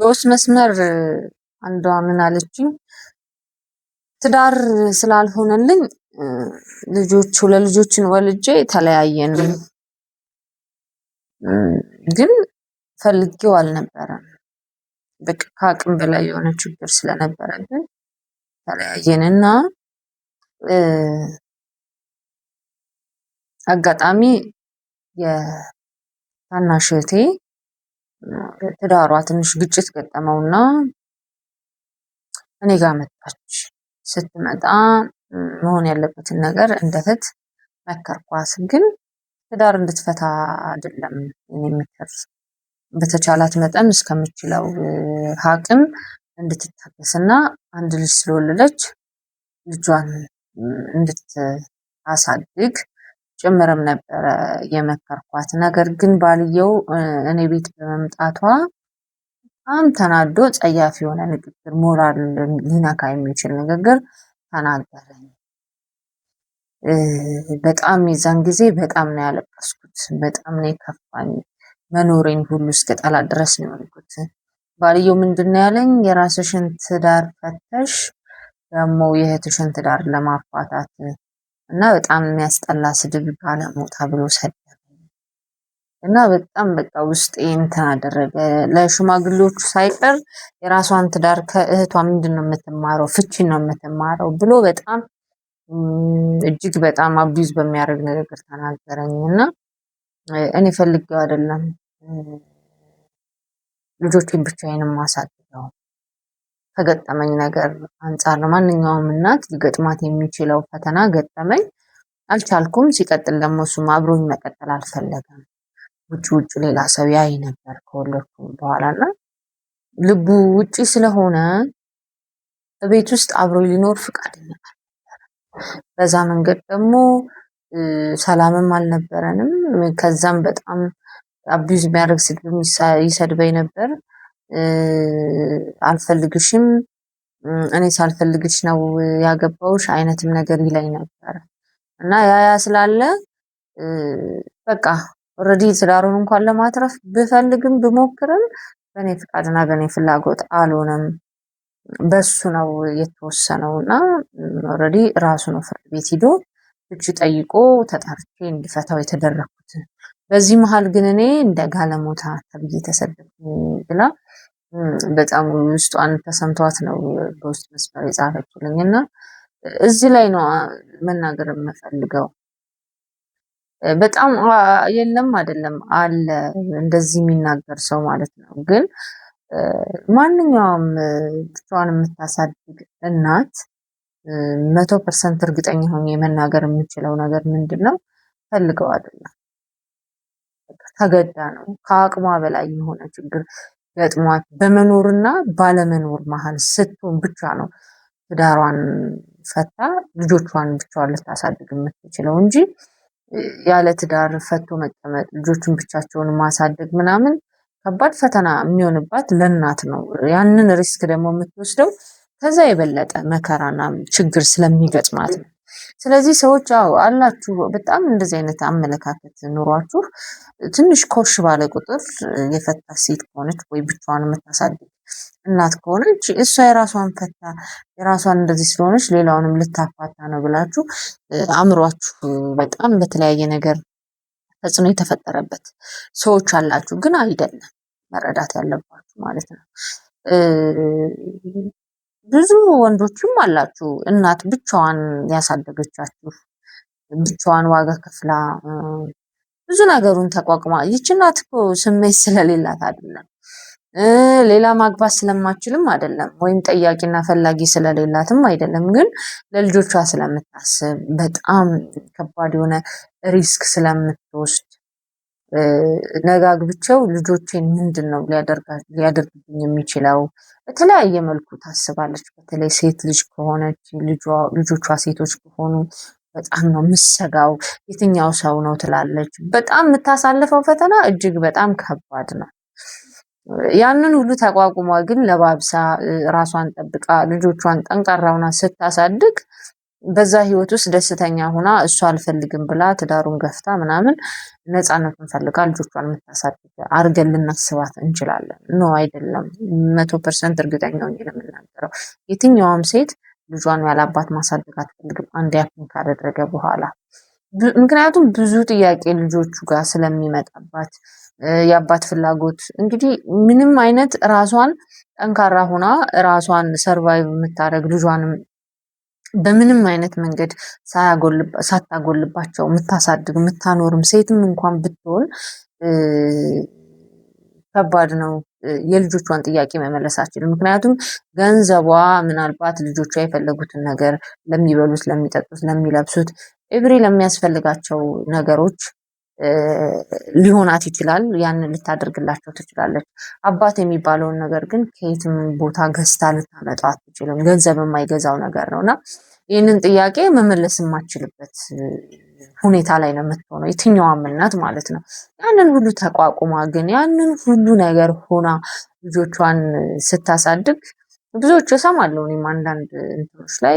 በውስጥ መስመር አንዷ ምን አለችኝ፣ ትዳር ስላልሆነልኝ ልጆች ለልጆችን ወልጄ ተለያየን፣ ግን ፈልጌው አልነበረም። በቃ ከአቅም በላይ የሆነ ችግር ስለነበረብን ተለያየን እና አጋጣሚ የታናሽ እህቴ ትዳሯ ትንሽ ግጭት ገጠመውና እኔ ጋር መጣች። ስትመጣ መሆን ያለበትን ነገር እንደፍት መከርኳት። ግን ትዳር እንድትፈታ አይደለም የሚከር በተቻላት መጠን እስከምችለው ሀቅም እንድትታገስና አንድ ልጅ ስለወለደች ልጇን እንድታሳድግ ጭምርም ነበረ የመከርኳት። ነገር ግን ባልየው እኔ ቤት በመምጣቷ በጣም ተናዶ ጸያፍ የሆነ ንግግር፣ ሞራል ሊነካ የሚችል ንግግር ተናገረኝ። በጣም የዛን ጊዜ በጣም ነው ያለቀስኩት። በጣም ነው የከፋኝ። መኖሬን ሁሉ እስከ ጠላት ድረስ ነው የሆንኩት። ባልየው ምንድን ነው ያለኝ? የራስሽን ትዳር ፈተሽ ደግሞ የእህትሽን ትዳር ለማፋታት እና በጣም የሚያስጠላ ስድብ ባለሞታ ብሎ ሰደበ እና በጣም በቃ ውስጤ እንትን አደረገ። ለሽማግሌዎቹ ሳይቀር የራሷን ትዳር ከእህቷ ምንድን ነው የምትማረው? ፍቺ ነው የምትማረው ብሎ በጣም እጅግ በጣም አቢዩዝ በሚያደርግ ንግግር ተናገረኝ እና እኔ ፈልጌው አይደለም ልጆቼን ብቻዬንም ማሳደግ ከገጠመኝ ነገር አንጻር ነው። ማንኛውም እናት ሊገጥማት የሚችለው ፈተና ገጠመኝ፣ አልቻልኩም። ሲቀጥል ደግሞ እሱም አብሮኝ መቀጠል አልፈለገም። ውጭ ውጭ ሌላ ሰው ያይ ነበር ከወለድኩ በኋላ እና ልቡ ውጪ ስለሆነ ቤት ውስጥ አብሮ ሊኖር ፍቃደኛ አልነበረ። በዛ መንገድ ደግሞ ሰላምም አልነበረንም። ከዛም በጣም አቢዩዝ የሚያደርግ ስድብ ይሰድበኝ ነበር። አልፈልግሽም፣ እኔ ሳልፈልግሽ ነው ያገባውሽ አይነትም ነገር ይለኝ ነበር። እና ያ ያ ስላለ በቃ ኦልሬዲ ትዳሩን እንኳን ለማትረፍ ብፈልግም ብሞክርም በእኔ ፍቃድና በእኔ ፍላጎት አልሆነም። በሱ ነው የተወሰነው እና ኦልሬዲ ራሱ ነው ፍርድ ቤት ሂዶ እጅ ጠይቆ ተጣርቼ እንዲፈታው የተደረኩት። በዚህ መሀል ግን እኔ እንደ ጋለሞታ ተብዬ ተሰደብኩ ብላ በጣም ውስጧን ተሰምቷት ነው በውስጥ መስመር የጻፈችልኝ እና እዚህ ላይ ነው መናገር የምፈልገው። በጣም የለም አይደለም አለ እንደዚህ የሚናገር ሰው ማለት ነው። ግን ማንኛውም ብቻዋን የምታሳድግ እናት መቶ ፐርሰንት እርግጠኛ ሆኜ መናገር የምችለው ነገር ምንድን ነው፣ ፈልገው አይደለም ተገዳ ነው። ከአቅሟ በላይ የሆነ ችግር ገጥሟት በመኖርና ባለመኖር መሀል ስትሆን ብቻ ነው ትዳሯን ፈታ ልጆቿን ብቻዋን ልታሳድግ የምትችለው እንጂ ያለ ትዳር ፈቶ መቀመጥ ልጆችን ብቻቸውን ማሳደግ ምናምን ከባድ ፈተና የሚሆንባት ለእናት ነው። ያንን ሪስክ ደግሞ የምትወስደው ከዛ የበለጠ መከራና ችግር ስለሚገጥማት ነው። ስለዚህ ሰዎች አዎ አላችሁ በጣም እንደዚህ አይነት አመለካከት ኑሯችሁ ትንሽ ኮሽ ባለ ቁጥር የፈታ ሴት ከሆነች ወይ ብቻዋን የምታሳድግ እናት ከሆነች እሷ የራሷን ፈታ የራሷን እንደዚህ ስለሆነች ሌላውንም ልታፋታ ነው ብላችሁ አእምሯችሁ በጣም በተለያየ ነገር ተጽዕኖ የተፈጠረበት ሰዎች አላችሁ፣ ግን አይደለም መረዳት ያለባችሁ ማለት ነው። ብዙ ወንዶችም አላችሁ እናት ብቻዋን ያሳደገቻችሁ ብቻዋን ዋጋ ከፍላ ብዙ ነገሩን ተቋቁማ ይች እናት እኮ ስሜት ስለሌላት አይደለም፣ ሌላ ማግባት ስለማችልም አይደለም፣ ወይም ጠያቂና ፈላጊ ስለሌላትም አይደለም። ግን ለልጆቿ ስለምታስብ በጣም ከባድ የሆነ ሪስክ ስለምትወስድ ነጋግብቸው ልጆቼን ምንድን ነው ሊያደርግብኝ የሚችለው በተለያየ መልኩ ታስባለች። በተለይ ሴት ልጅ ከሆነች ልጆቿ ሴቶች ከሆኑ በጣም ነው ምሰጋው የትኛው ሰው ነው ትላለች። በጣም የምታሳልፈው ፈተና እጅግ በጣም ከባድ ነው። ያንን ሁሉ ተቋቁሟ ግን ለባብሳ ራሷን ጠብቃ ልጆቿን ጠንካራ ሆና ስታሳድግ በዛ ህይወት ውስጥ ደስተኛ ሆና እሱ አልፈልግም ብላ ትዳሩን ገፍታ ምናምን ነፃነቱን ፈልጋ ልጆቿን የምታሳድግ አርገን ልናስባት እንችላለን። ኖ አይደለም። መቶ ፐርሰንት እርግጠኛ ሆኜ ነው የምናገረው። የትኛውም ሴት ልጇን ያላባት ማሳደግ አትፈልግም፣ አንድ ያክን ካደረገ በኋላ ምክንያቱም ብዙ ጥያቄ ልጆቹ ጋር ስለሚመጣባት የአባት ፍላጎት እንግዲህ ምንም አይነት ራሷን ጠንካራ ሆና ራሷን ሰርቫይቭ የምታደረግ ልጇንም በምንም አይነት መንገድ ሳታጎልባቸው የምታሳድግ የምታኖርም ሴትም እንኳን ብትሆን ከባድ ነው። የልጆቿን ጥያቄ መመለስ አችልም። ምክንያቱም ገንዘቧ ምናልባት ልጆቿ የፈለጉትን ነገር ለሚበሉት፣ ለሚጠጡት፣ ለሚለብሱት ኤብሪ ለሚያስፈልጋቸው ነገሮች ሊሆናት ይችላል። ያንን ልታደርግላቸው ትችላለች። አባት የሚባለውን ነገር ግን ከየትም ቦታ ገዝታ ልታመጣ አትችልም። ገንዘብ የማይገዛው ነገር ነው እና ይህንን ጥያቄ መመለስ የማችልበት ሁኔታ ላይ ነው የምትሆነው የትኛዋም እናት ማለት ነው። ያንን ሁሉ ተቋቁማ ግን ያንን ሁሉ ነገር ሆና ልጆቿን ስታሳድግ ብዙዎች እሰማለሁ እኔም አንዳንድ እንትኖች ላይ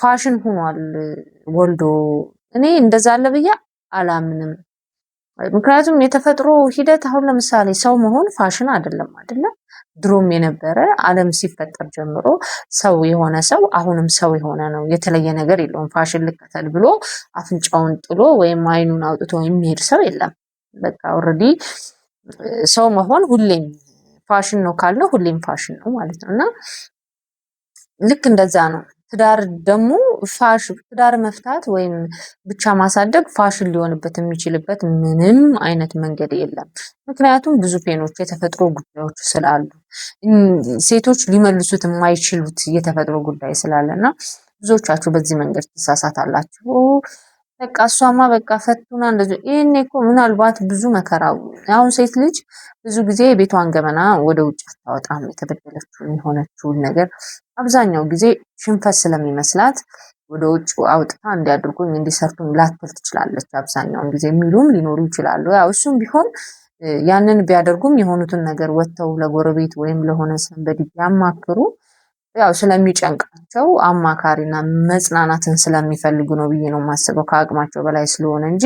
ፋሽን ሆኗል ወልዶ እኔ እንደዛ አለ ብዬ አላምንም። ምክንያቱም የተፈጥሮ ሂደት አሁን ለምሳሌ ሰው መሆን ፋሽን አይደለም አይደለም ድሮም የነበረ ዓለም ሲፈጠር ጀምሮ ሰው የሆነ ሰው አሁንም ሰው የሆነ ነው። የተለየ ነገር የለውም። ፋሽን ልከተል ብሎ አፍንጫውን ጥሎ ወይም አይኑን አውጥቶ የሚሄድ ሰው የለም። በቃ ኦልሬዲ ሰው መሆን ሁሌም ፋሽን ነው ካልነው ሁሌም ፋሽን ነው ማለት ነው እና ልክ እንደዛ ነው። ትዳር ደግሞ ፋሽን ትዳር መፍታት ወይም ብቻ ማሳደግ ፋሽን ሊሆንበት የሚችልበት ምንም አይነት መንገድ የለም። ምክንያቱም ብዙ ፔኖች የተፈጥሮ ጉዳዮች ስላሉ ሴቶች ሊመልሱት የማይችሉት የተፈጥሮ ጉዳይ ስላለ እና ብዙዎቻችሁ በዚህ መንገድ ትሳሳታላችሁ። በቃ እሷማ በቃ ፈቱና እንደዚህ ይህኔ እኮ ምናልባት ብዙ መከራ አሁን ሴት ልጅ ብዙ ጊዜ የቤቷን ገመና ወደ ውጭ አታወጣም። የተበደለችውን የሆነችውን ነገር አብዛኛው ጊዜ ሽንፈት ስለሚመስላት ወደ ውጭ አውጥታ እንዲያድርጉኝ እንዲሰርቱኝ ላትል ትችላለች አብዛኛውን ጊዜ የሚሉም ሊኖሩ ይችላሉ። ያው እሱም ቢሆን ያንን ቢያደርጉም የሆኑትን ነገር ወጥተው ለጎረቤት ወይም ለሆነ ሰንበድ ቢያማክሩ ያው ስለሚጨንቃቸው አማካሪና መጽናናትን ስለሚፈልጉ ነው ብዬ ነው የማስበው። ከአቅማቸው በላይ ስለሆነ እንጂ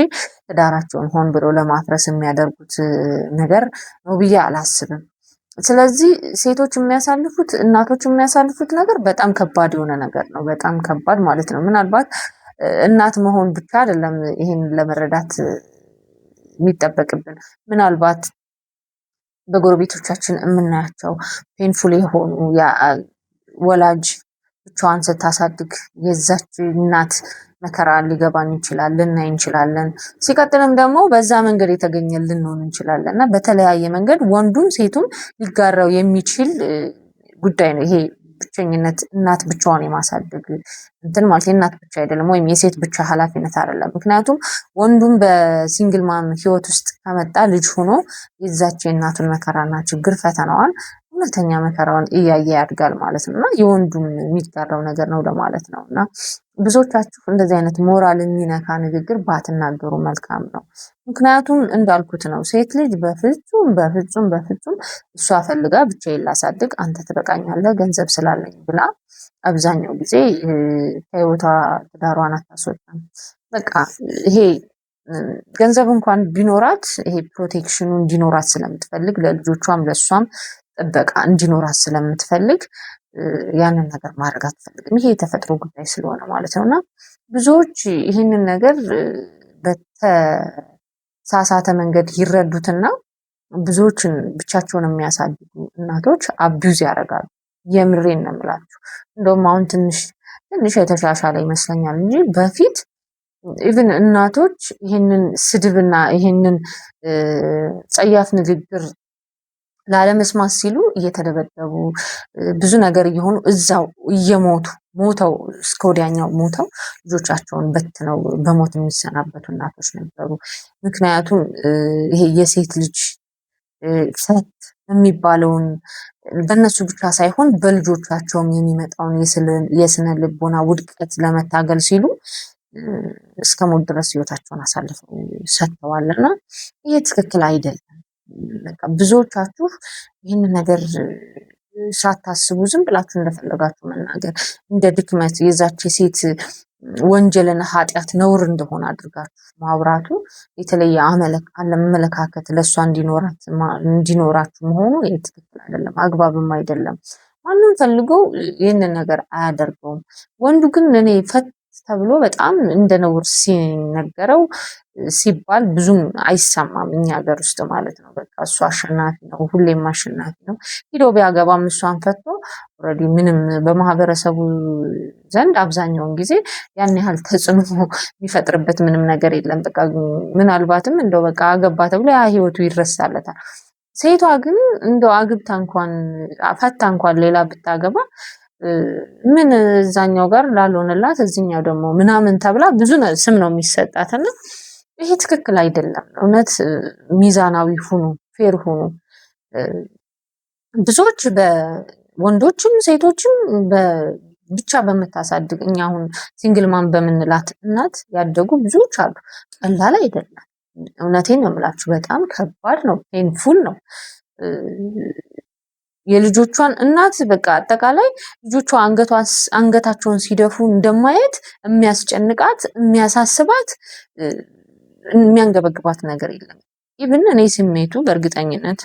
ትዳራቸውን ሆን ብለው ለማፍረስ የሚያደርጉት ነገር ነው ብዬ አላስብም። ስለዚህ ሴቶች የሚያሳልፉት እናቶች የሚያሳልፉት ነገር በጣም ከባድ የሆነ ነገር ነው። በጣም ከባድ ማለት ነው። ምናልባት እናት መሆን ብቻ አይደለም ይህን ለመረዳት የሚጠበቅብን። ምናልባት በጎረቤቶቻችን የምናያቸው ፔንፉል የሆኑ ወላጅ ብቻዋን ስታሳድግ የዛች እናት መከራ ሊገባን ይችላል፣ ልናይ እንችላለን። ሲቀጥልም ደግሞ በዛ መንገድ የተገኘ ልንሆን እንችላለን እና በተለያየ መንገድ ወንዱም ሴቱም ሊጋራው የሚችል ጉዳይ ነው ይሄ ብቸኝነት እናት ብቻዋን የማሳደግ እንትን ማለት የእናት ብቻ አይደለም፣ ወይም የሴት ብቻ ኃላፊነት አይደለም። ምክንያቱም ወንዱም በሲንግል ማም ህይወት ውስጥ ከመጣ ልጅ ሆኖ የዛች የእናቱን መከራና ችግር ፈተናዋን ሁለተኛ መከራውን እያየ ያድጋል ማለት ነው እና የወንዱም የሚጋራው ነገር ነው ለማለት ነው እና ብዙዎቻችሁ እንደዚህ አይነት ሞራል የሚነካ ንግግር ባትናገሩ መልካም ነው። ምክንያቱም እንዳልኩት ነው ሴት ልጅ በፍጹም በፍጹም በፍጹም እሷ ፈልጋ ብቻ ላሳድግ አንተ ትበቃኛለህ ገንዘብ ስላለኝ ብላ አብዛኛው ጊዜ ከህይወቷ ትዳሯን አታስወጣም። በቃ ይሄ ገንዘብ እንኳን ቢኖራት ይሄ ፕሮቴክሽኑ እንዲኖራት ስለምትፈልግ ለልጆቿም ለእሷም ጥበቃ እንዲኖራት ስለምትፈልግ ያንን ነገር ማድረግ አትፈልግም። ይሄ የተፈጥሮ ጉዳይ ስለሆነ ማለት ነው እና ብዙዎች ይህንን ነገር በተሳሳተ መንገድ ይረዱትና ብዙዎችን ብቻቸውን የሚያሳድጉ እናቶች አቢዩዝ ያደርጋሉ። የምሬ ነው የምላችሁ። እንደውም አሁን ትንሽ ትንሽ የተሻሻለ ይመስለኛል እንጂ በፊት ኢቭን እናቶች ይህንን ስድብና ይህንን ጸያፍ ንግግር ላለመስማት ሲሉ እየተደበደቡ ብዙ ነገር እየሆኑ እዛው እየሞቱ ሞተው እስከ ወዲያኛው ሞተው ልጆቻቸውን በትነው በሞት የሚሰናበቱ እናቶች ነበሩ። ምክንያቱም ይሄ የሴት ልጅ ፈት የሚባለውን በእነሱ ብቻ ሳይሆን በልጆቻቸውም የሚመጣውን የስነ ልቦና ውድቀት ለመታገል ሲሉ እስከ ሞት ድረስ ህይወታቸውን አሳልፈው ሰጥተዋል እና ይሄ ትክክል አይደለም። ብዙዎቻችሁ ይህን ነገር ሳታስቡ ዝም ብላችሁ እንደፈለጋችሁ መናገር እንደ ድክመት የዛች የሴት ወንጀልን ኃጢአት ነውር እንደሆነ አድርጋችሁ ማውራቱ የተለየ አለመመለካከት ለእሷ እንዲኖራችሁ መሆኑ ትክክል አይደለም፣ አግባብም አይደለም። ማንም ፈልጎ ይህንን ነገር አያደርገውም። ወንዱ ግን እኔ ተብሎ በጣም እንደ ነውር ሲነገረው ሲባል ብዙም አይሰማም እኛ ሀገር ውስጥ ማለት ነው። በቃ እሱ አሸናፊ ነው፣ ሁሌም አሸናፊ ነው። ሂዶ ቢያገባም እሷን ፈቶ ኦልሬዲ ምንም በማህበረሰቡ ዘንድ አብዛኛውን ጊዜ ያን ያህል ተጽዕኖ የሚፈጥርበት ምንም ነገር የለም። በቃ ምናልባትም እንደው በቃ አገባ ተብሎ ያ ህይወቱ ይረሳለታል። ሴቷ ግን እንደው አግብታ እንኳን ፈታ እንኳን ሌላ ብታገባ ምን እዛኛው ጋር ላልሆንላት እዚኛው ደግሞ ምናምን ተብላ ብዙ ስም ነው የሚሰጣት እና ይሄ ትክክል አይደለም። እውነት ሚዛናዊ ሁኑ፣ ፌር ሁኑ። ብዙዎች በወንዶችም ሴቶችም ብቻ በምታሳድግ እኛ አሁን ሲንግል ማም በምንላት እናት ያደጉ ብዙዎች አሉ። ቀላል አይደለም። እውነቴን ነው የምላችሁ። በጣም ከባድ ነው፣ ፔንፉል ነው። የልጆቿን እናት በቃ አጠቃላይ ልጆቿ አንገታቸውን ሲደፉ እንደማየት የሚያስጨንቃት የሚያሳስባት የሚያንገበግባት ነገር የለም። ይብን እኔ ስሜቱ በእርግጠኝነት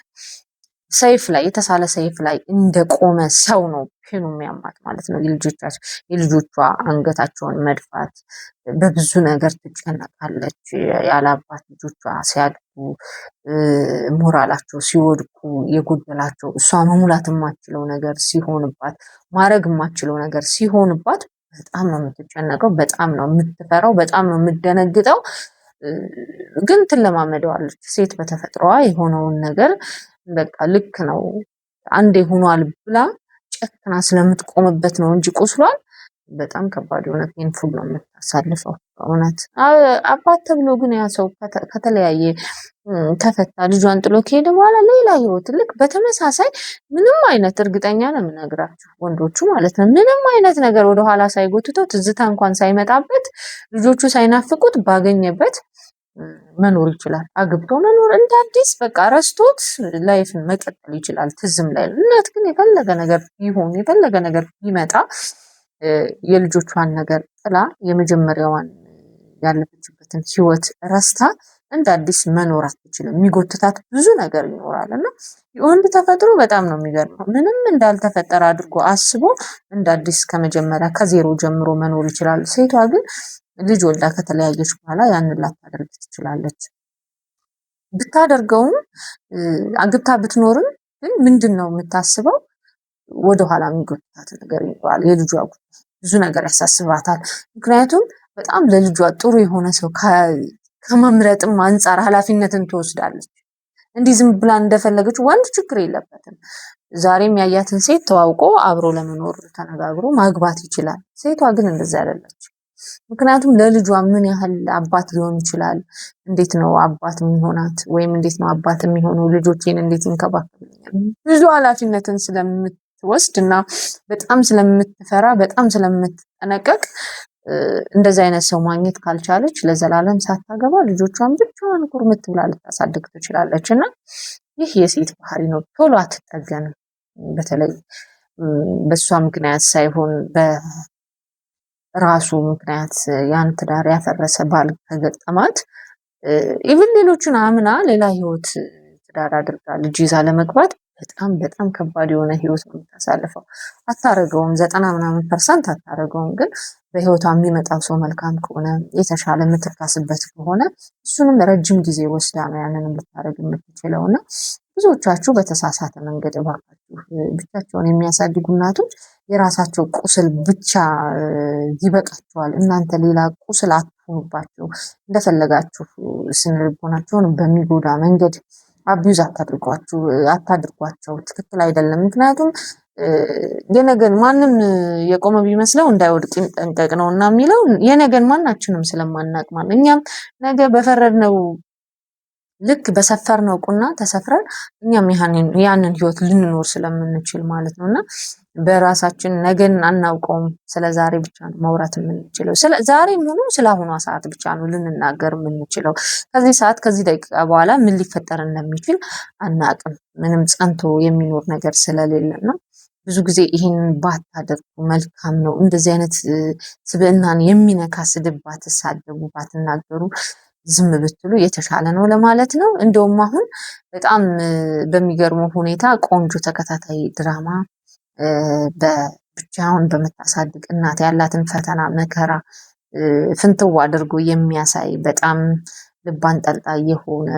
ሰይፍ ላይ የተሳለ ሰይፍ ላይ እንደቆመ ሰው ነው ይህ ነው የሚያማት ማለት ነው። የልጆቿ አንገታቸውን መድፋት በብዙ ነገር ትጨነቃለች። ያለአባት ልጆቿ ሲያድጉ ሞራላቸው ሲወድቁ የጎደላቸው እሷ መሙላት የማችለው ነገር ሲሆንባት፣ ማድረግ የማችለው ነገር ሲሆንባት በጣም ነው የምትጨነቀው። በጣም ነው የምትፈራው። በጣም ነው የምደነግጠው ግን ትለማመደዋለች። ሴት በተፈጥሮዋ የሆነውን ነገር በቃ ልክ ነው አንዴ ሆኗል ብላ ጨክና ስለምትቆምበት ነው እንጂ ቁስሏል በጣም ከባድ የሆነ ፔንፉል ነው የምታሳልፈው። በእውነት አባት ተብሎ ግን ያ ሰው ከተለያየ ከፈታ ልጇን ጥሎ ከሄደ በኋላ ሌላ ህይወት ልክ በተመሳሳይ ምንም አይነት እርግጠኛ ነው የምነግራችሁ ወንዶቹ ማለት ነው ምንም አይነት ነገር ወደኋላ ሳይጎትተው ትዝታ እንኳን ሳይመጣበት ልጆቹ ሳይናፍቁት ባገኘበት መኖር ይችላል። አግብቶ መኖር እንደ አዲስ በቃ ረስቶት ላይፍን መቀጠል ይችላል። ትዝም ላይ እናት ግን የፈለገ ነገር ቢሆን የፈለገ ነገር ቢመጣ የልጆቿን ነገር ጥላ የመጀመሪያዋን ያለፈችበትን ህይወት ረስታ እንደ አዲስ መኖር አትችልም። የሚጎትታት ብዙ ነገር ይኖራል እና የወንድ ተፈጥሮ በጣም ነው የሚገርመው። ምንም እንዳልተፈጠረ አድርጎ አስቦ እንደ አዲስ ከመጀመሪያ ከዜሮ ጀምሮ መኖር ይችላል። ሴቷ ግን ልጅ ወልዳ ከተለያየች በኋላ ያንን ላታደርግ ትችላለች። ብታደርገውም አግብታ ብትኖርም ግን ምንድን ነው የምታስበው? ወደኋላ የሚጎታት ነገር ይኖራል። የልጇ ብዙ ነገር ያሳስባታል። ምክንያቱም በጣም ለልጇ ጥሩ የሆነ ሰው ከመምረጥም አንጻር ኃላፊነትን ትወስዳለች። እንዲህ ዝም ብላ እንደፈለገች ወንድ ችግር የለበትም። ዛሬም ያያትን ሴት ተዋውቆ አብሮ ለመኖር ተነጋግሮ ማግባት ይችላል። ሴቷ ግን እንደዚያ አይደለች። ምክንያቱም ለልጇ ምን ያህል አባት ሊሆን ይችላል? እንዴት ነው አባት የሚሆናት? ወይም እንዴት ነው አባት የሚሆነው? ልጆቼን እንዴት ይንከባከብልኛል? ብዙ ኃላፊነትን ስለምትወስድ እና በጣም ስለምትፈራ፣ በጣም ስለምትጠነቀቅ እንደዚ አይነት ሰው ማግኘት ካልቻለች ለዘላለም ሳታገባ ልጆቿን ብቻዋን ኩርምት ብላ ልታሳድግ ትችላለች እና ይህ የሴት ባህሪ ነው። ቶሎ አትጠገንም። በተለይ በእሷ ምክንያት ሳይሆን ራሱ ምክንያት ያን ትዳር ያፈረሰ ባል ከገጠማት ኢቭን ሌሎችን አምና ሌላ ህይወት ትዳር አድርጋ ልጅ ይዛ ለመግባት በጣም በጣም ከባድ የሆነ ህይወት ነው የምታሳልፈው። አታረገውም፣ ዘጠና ምናምን ፐርሰንት አታረገውም። ግን በህይወቷ የሚመጣው ሰው መልካም ከሆነ የተሻለ የምትካስበት ከሆነ እሱንም ረጅም ጊዜ ወስዳ ነው ያንን የምታደረግ የምትችለው። እና ብዙዎቻችሁ በተሳሳተ መንገድ እባካችሁ ብቻቸውን የሚያሳድጉ እናቶች የራሳቸው ቁስል ብቻ ይበቃቸዋል። እናንተ ሌላ ቁስል አትሆኑባቸው። እንደፈለጋችሁ ስንልቦናቸውን በሚጎዳ መንገድ አቢዩዝ አታድርጓችሁ አታድርጓቸው። ትክክል አይደለም። ምክንያቱም የነገን ማንም የቆመ ቢመስለው እንዳይወድቅ ይጠንቀቅ ነው እና የሚለው የነገን ማናችንም ስለማናቅ ማለት እኛም ነገ በፈረድነው ልክ በሰፈርነው ቁና ተሰፍረን እኛም ያንን ህይወት ልንኖር ስለምንችል ማለት ነው እና በራሳችን ነገን አናውቀውም። ስለ ዛሬ ብቻ ነው ማውራት የምንችለው። ዛሬ ሙሉ ስለአሁኗ ሰዓት ብቻ ነው ልንናገር የምንችለው። ከዚህ ሰዓት ከዚህ ደቂቃ በኋላ ምን ሊፈጠር እንደሚችል አናቅም። ምንም ጸንቶ የሚኖር ነገር ስለሌለ ነው። ብዙ ጊዜ ይህን ባታደርጉ መልካም ነው። እንደዚህ አይነት ስብዕናን የሚነካ ስድብ ባትሳደቡ፣ ባትናገሩ ዝም ብትሉ የተሻለ ነው ለማለት ነው። እንደውም አሁን በጣም በሚገርመው ሁኔታ ቆንጆ ተከታታይ ድራማ ብቻውን በምታሳድግ እናት ያላትን ፈተና መከራ ፍንትው አድርጎ የሚያሳይ በጣም ልብ አንጠልጣይ የሆነ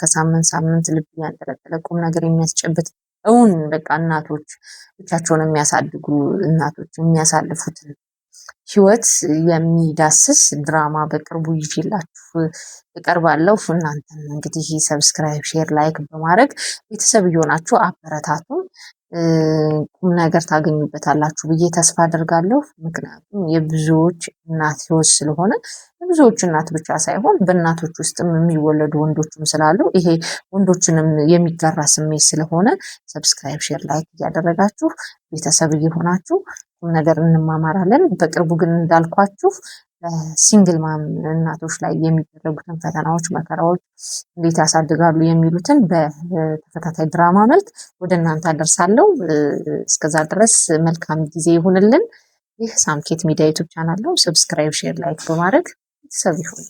ከሳምንት ሳምንት ልብ ያንጠለጠለ ቁም ነገር የሚያስጨብት እውን በቃ እናቶች ብቻቸውን የሚያሳድጉ እናቶች የሚያሳልፉትን ህይወት የሚዳስስ ድራማ በቅርቡ ይዤላችሁ እቀርባለሁ። እናንተም እንግዲህ ሰብስክራይብ፣ ሼር፣ ላይክ በማድረግ ቤተሰብ እየሆናችሁ አበረታቱ። ቁም ነገር ታገኙበታላችሁ ብዬ ተስፋ አደርጋለሁ። ምክንያቱም የብዙዎች እናት ህይወት ስለሆነ የብዙዎች እናት ብቻ ሳይሆን በእናቶች ውስጥም የሚወለዱ ወንዶችም ስላሉ ይሄ ወንዶችንም የሚጋራ ስሜት ስለሆነ ሰብስክራይብ፣ ሼር፣ ላይክ እያደረጋችሁ ቤተሰብ እየሆናችሁ ቁም ነገር እንማማራለን። በቅርቡ ግን እንዳልኳችሁ ሲንግል ማም እናቶች ላይ የሚደረጉትን ፈተናዎች፣ መከራዎች እንዴት ያሳድጋሉ የሚሉትን በተከታታይ ድራማ መልክ ወደ እናንተ አደርሳለሁ። እስከዛ ድረስ መልካም ጊዜ ይሁንልን። ይህ ሳምኬት ሚዲያ ዩቱብ ቻናል ነው። ሰብስክራይብ፣ ሼር፣ ላይክ በማድረግ ቤተሰብ ይሁን።